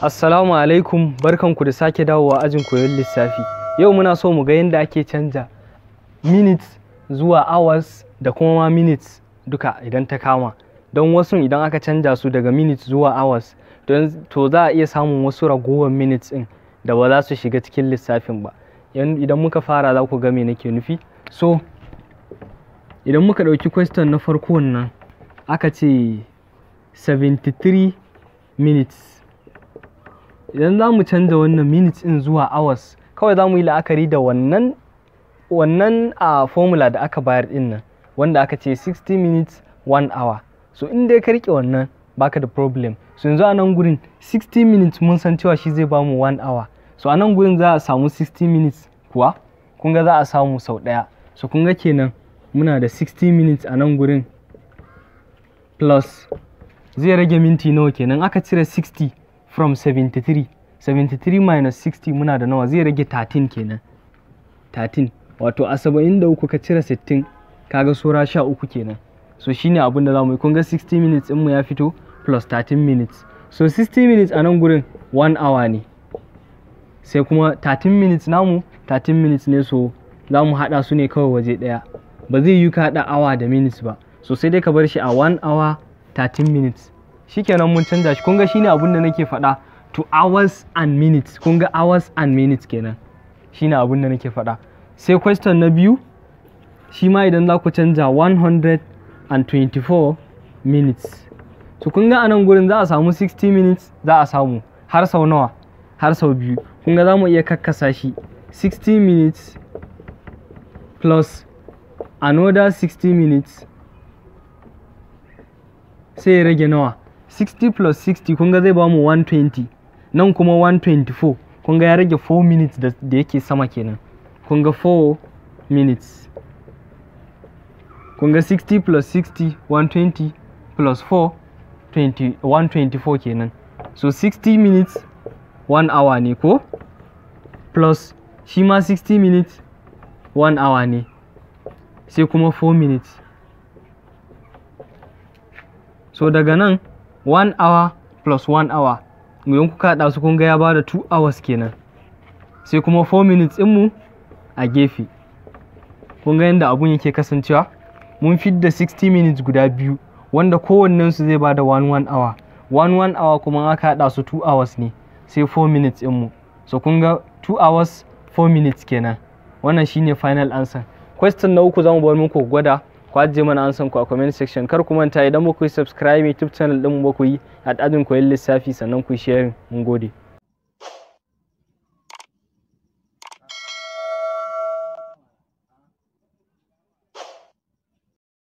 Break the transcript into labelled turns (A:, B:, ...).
A: Assalamu alaikum barkanku da sake dawowa ajin koyon lissafi. Yau muna so mu ga yadda ake canja minutes zuwa hours da kuma ma minutes duka idan ta kama. Don wasu idan aka canja su daga minutes zuwa hours to za a iya samun wasu ragowar minutes ɗin da ba za su shiga cikin lissafin ba. Idan muka fara za ku ga me nake nufi. So idan muka ɗauki question na farko nan aka ce 73 minutes idan za mu canza wannan minutes in zuwa hours kawai za mu yi la'akari da wannan wannan a formula da aka bayar din nan wanda aka ce 60 minutes 1 hour so in dai ka rike wannan baka da problem so yanzu a nan gurin 60 minutes mun san cewa shi zai bamu 1 hour so a nan gurin za a samu 60 minutes kuwa kun ga za a samu sau ɗaya so kun ga kenan muna da 60 minutes a nan gurin plus zai rage minti nawa kenan aka cire 60 from 73 73 minus 60 muna da nawa zai rage 13 kenan 13 wato a 73 ka cire 60 kaga sura 13 kenan so shine abin da za mu yi kun ga 60 minutes mu ya fito plus 13 minutes so 60 minutes a nan gurin 1 hour ne sai kuma 13 minutes namu 13 minutes ne so za mu haɗa su ne kawai waje ɗaya ba zai yi ka hada awa da minutes ba so sai dai ka bar shi a 1 hour 13 minutes shikenan mun canza shi kun ga shine abin da nake faɗa to hours and minutes kun ga hours and minutes kenan shine abin da nake faɗa sai question na biyu shi ma idan za ku canza 124 minutes to kun ga anan gurin za a samu 60 minutes za a samu har sau nawa har sau biyu kun ga za mu iya kakkasa shi 60 minutes plus another 60 minutes sai rage nawa 60 plus 60 kun ga zai ba mu 120 nan kuma 124 kun ga ya rage 4 minutes da yake sama kenan kun ga 4 minutes kun ga 60 plus 60 120 plus 4 20, 124 kenan so 60 minutes 1 hour ne ko plus shi ma 60 minutes 1 hour ne sai kuma 4 minutes so daga nan one hour plus one hour idan kuka haɗa su kun ga ya bada 2 hours kenan sai kuma 4 minutes mu a gefe kun ga yadda abun yake kasancewa mun fidda 60 minutes guda biyu wanda kowannen su zai bada 1 1 hour 1 1 hour kuma aka haɗa su 2 hours ne sai 4 minutes din mu so kun ga 2 hours 4 minutes kenan wannan shine final answer question na uku zamu bar muku gwada ku mana an san ku a comment section kar ku manta idan muku yi subscribe youtube channel din mu ku yi koyon lissafi sannan ku share mun gode